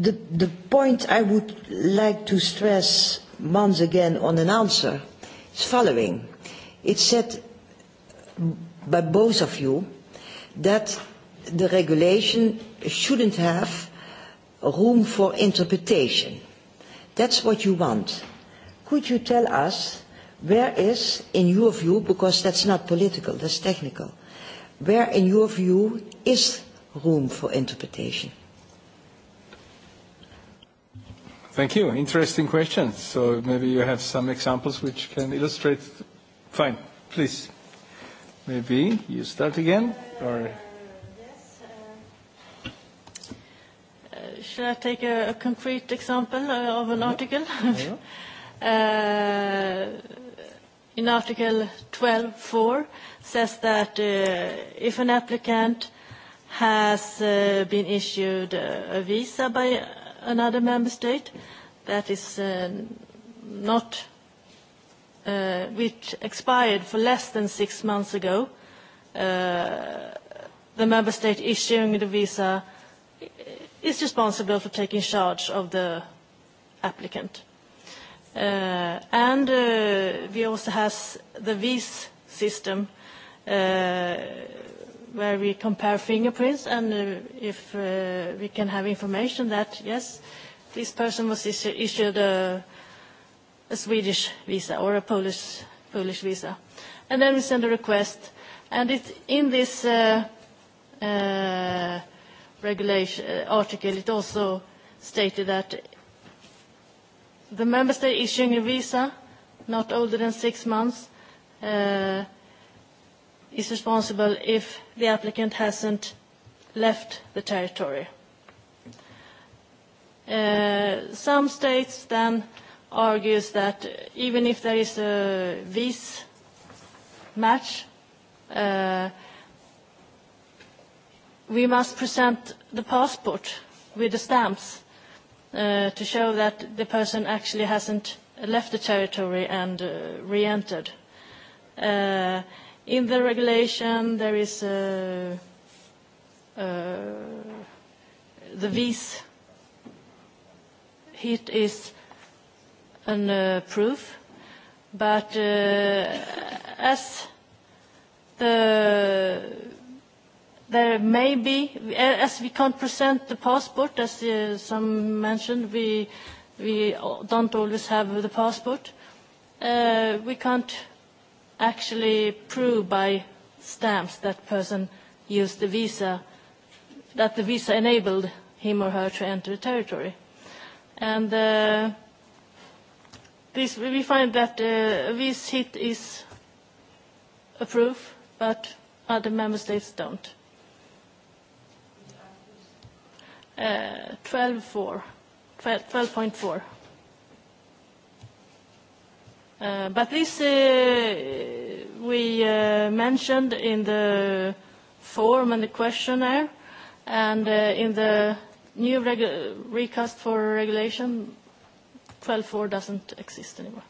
the, the point I would like to stress once again on an answer is following. It's said by both of you that the regulation shouldn't have room for interpretation. That's what you want. Could you tell us where is, in your view, because that's not political, that's technical, where, in your view, is room for interpretation? Thank you. Interesting question. So maybe you have some examples which can illustrate. Fine, please. Maybe you start again, or Shall I take a, a concrete example uh, of an mm-hmm. article? uh, in Article 12.4 says that uh, if an applicant has uh, been issued a visa by another member state that is uh, not uh, which expired for less than six months ago, uh, the member state issuing the visa is responsible for taking charge of the applicant. Uh, and uh, we also have the VIS system uh, where we compare fingerprints and if uh, we can have information that, yes, this person was issu issued a, Swedish visa or a Polish, Polish visa. And then we send a request. And it, in this uh, regulation uh, article, it also stated that the member state issuing a visa not older than six months uh, is responsible if the applicant hasn't left the territory. Uh, some states then argues that even if there is a visa match, uh, we must present the passport with the stamps uh, to show that the person actually hasn't left the territory and uh, re-entered. Uh, in the regulation, there is the visa. It is a proof, but as the There may be, as we can't present the passport, as uh, some mentioned, we, we don't always have the passport. Uh, we can't actually prove by stamps that person used the visa, that the visa enabled him or her to enter the territory. And uh, this, we find that a visa hit is a proof, but other member states don't. 12.4. Eh, point uh, but this uh, we uh, mentioned in the form and the questionnaire and uh, in the new recast for regulation 12.4 doesn't exist anymore.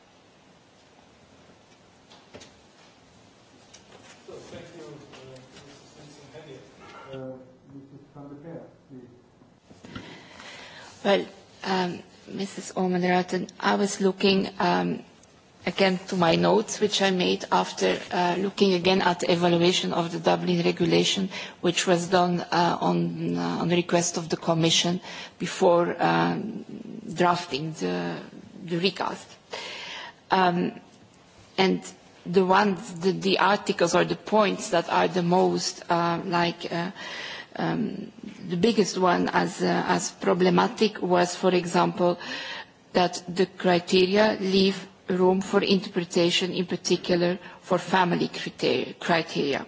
Well, um, Mrs. Omenraten, I was looking um, again to my notes, which I made after uh, looking again at the evaluation of the Dublin regulation, which was done uh, on, uh, on the request of the Commission before um, drafting the, recast. Um, and the ones, the, the articles or the points that are the most like uh, Um, the biggest one as, uh, as problematic was, for example, that the criteria leave room for interpretation, in particular for family criteria.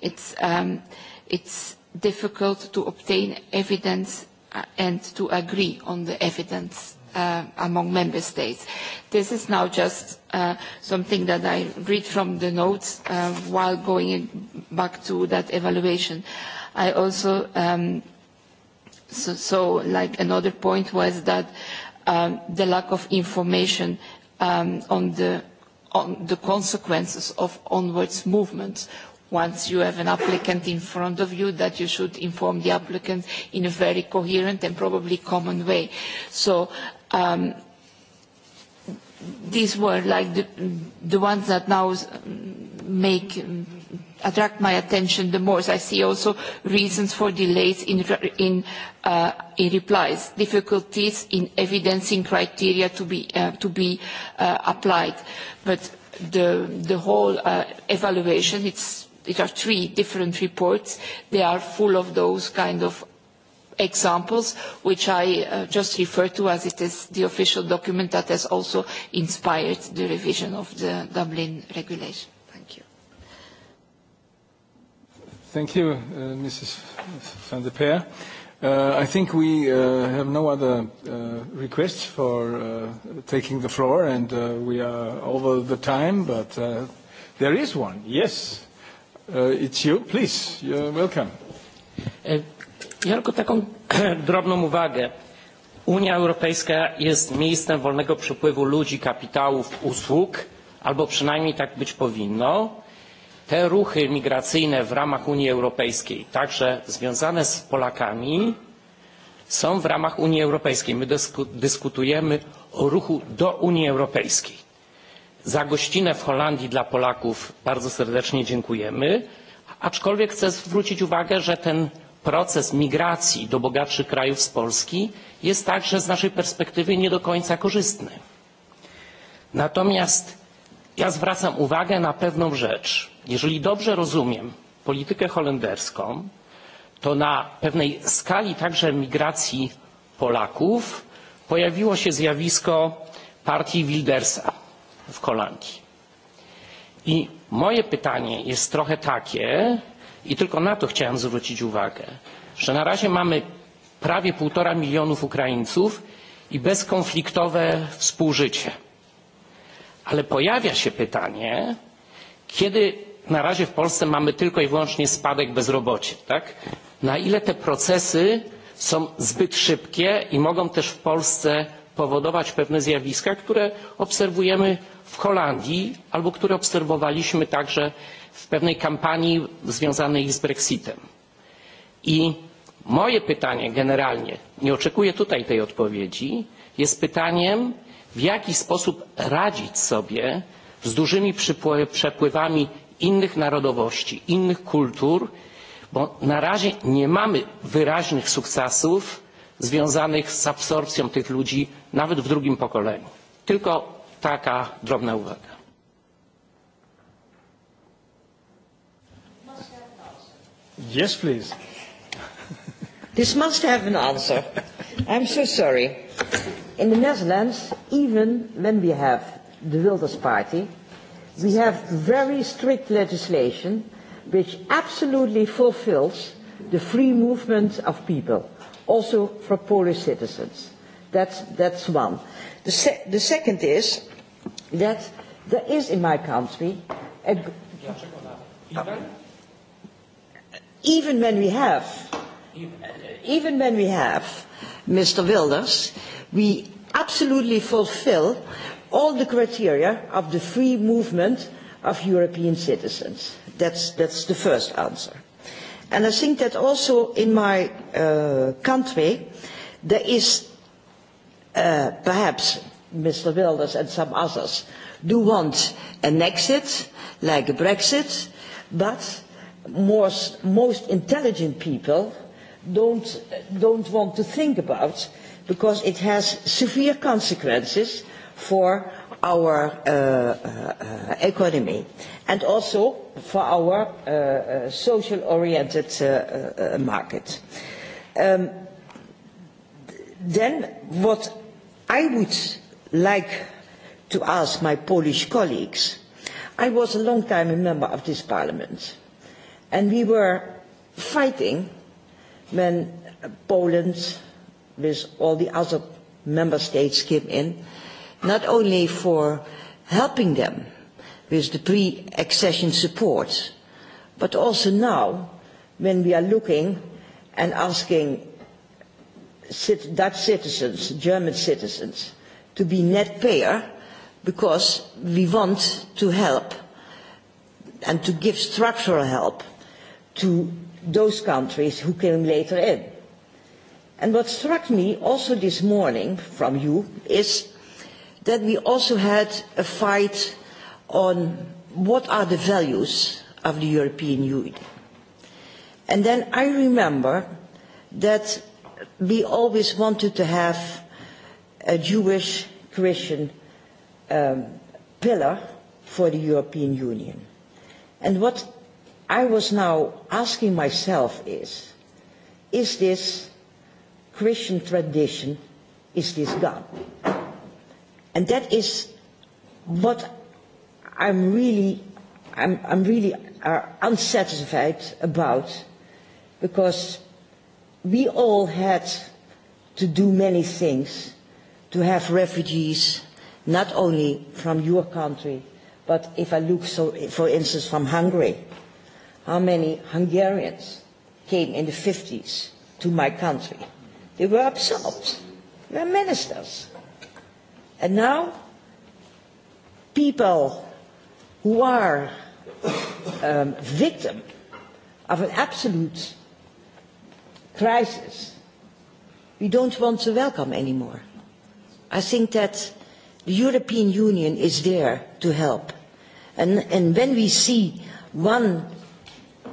It's, um, it's difficult to obtain evidence uh, and to agree on the evidence uh, among member states. This is now just something that I read from the notes while going back to that evaluation. I also um, so, so like another point was that um, the lack of information um, on the on the consequences of onwards movements once you have an applicant in front of you that you should inform the applicant in a very coherent and probably common way. So um, these were like the, the ones that now make attract my attention the more I see also reasons for delays in, in, uh, in replies, difficulties in evidencing criteria to be, uh, to be uh, applied. But the, the whole uh, evaluation, it's, it are three different reports. They are full of those kind of examples which I uh, just refer to as it is the official document that has also inspired the revision of the Dublin regulation. Thank you, uh, Mrs. van der Peer. Uh, I think we uh, have no other uh, requests for uh, taking the floor, and we are over the time, but there is one. Yes, it's you. Please, you're welcome. E, ja tylko taką drobną uwagę. Unia Europejska jest miejscem wolnego przepływu ludzi, kapitałów, usług, albo przynajmniej tak być powinno te ruchy migracyjne w ramach Unii Europejskiej, także związane z Polakami, są w ramach Unii Europejskiej. My dyskutujemy o ruchu do Unii Europejskiej. Za gościnę w Holandii dla Polaków bardzo serdecznie dziękujemy, aczkolwiek chcę zwrócić uwagę, że ten proces migracji do bogatszych krajów z Polski jest także z naszej perspektywy nie do końca korzystny. Natomiast ja zwracam uwagę na pewną rzecz jeżeli dobrze rozumiem politykę holenderską to na pewnej skali także migracji polaków pojawiło się zjawisko partii wildersa w holandii i moje pytanie jest trochę takie i tylko na to chciałem zwrócić uwagę że na razie mamy prawie półtora milionów ukraińców i bezkonfliktowe współżycie ale pojawia się pytanie kiedy na razie w Polsce mamy tylko i wyłącznie spadek bezrobocie. tak? Na ile te procesy są zbyt szybkie i mogą też w Polsce powodować pewne zjawiska, które obserwujemy w Holandii albo które obserwowaliśmy także w pewnej kampanii związanej z Brexitem. I moje pytanie generalnie, nie oczekuję tutaj tej odpowiedzi, jest pytaniem, w jaki sposób radzić sobie z dużymi przepływami innych narodowości, innych kultur, bo na razie nie mamy wyraźnych sukcesów związanych z absorpcją tych ludzi nawet w drugim pokoleniu. Tylko taka drobna uwaga. Yes, please. This must have an answer. I'm so sorry. In the Netherlands, even when we have We have very strict legislation which absolutely fulfills the free movement of people, also for Polish citizens. That's, that's one. The, se the second is that there is in my country a, even when we have even when we have Mr. Wilders, we absolutely fulfill all the criteria of the free movement of European citizens. That's, that's the first answer. And I think that also in my uh, country, there is uh, perhaps Mr. Wilders and some others do want an exit, like a Brexit, but most, most intelligent people don't, don't want to think about because it has severe consequences for our uh, uh, uh, economy and also for our uh, uh social oriented uh, market. Um, then what I would like to ask my Polish colleagues I was a long time a member of this Parliament and we were fighting when Poland with all the other Member States came in not only for helping them with the pre-accession support, but also now when we are looking and asking Dutch citizens, German citizens, to be net payer because we want to help and to give structural help to those countries who came later in. And what struck me also this morning from you is Then we also had a fight on what are the values of the European Union. And then I remember that we always wanted to have a Jewish Christian um, pillar for the European Union. And what I was now asking myself is, is this Christian tradition, is this God? And that is what I'm really, I'm, I'm really uh, unsatisfied about because we all had to do many things to have refugees, not only from your country, but if I look, so, for instance, from Hungary, how many Hungarians came in the 50s to my country? They were absorbed. They were ministers. And now, people who are um, victim of an absolute crisis, we don't want to welcome anymore. I think that the European Union is there to help. And, and when we see one uh,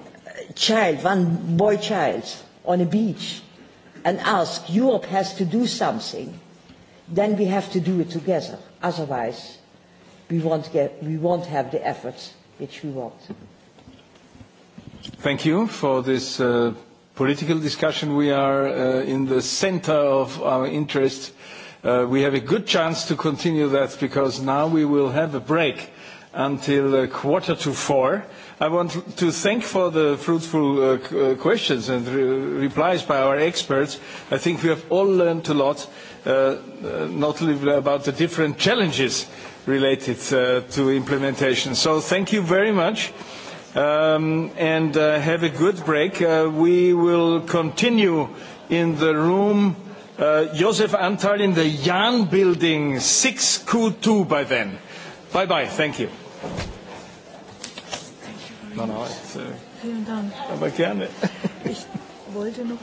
child, one boy child on a beach and ask, Europe has to do something, then we have to do it together. Otherwise, we won't, get, we won't have the efforts which we want. Thank you for this uh, political discussion. We are uh, in the center of our interest. Uh, we have a good chance to continue that because now we will have a break until uh, quarter to four i want to thank for the fruitful uh, uh questions and replies by our experts. I think we have all learned a lot, uh, uh, not only about the different challenges related to implementation. So thank you very much um, and have a good break. We will continue in the room Josef Antal in the Jan building 6Q2 by then. Bye-bye. Thank you. Nein, nein, jetzt, äh, Vielen Dank. Aber gerne. Ich wollte noch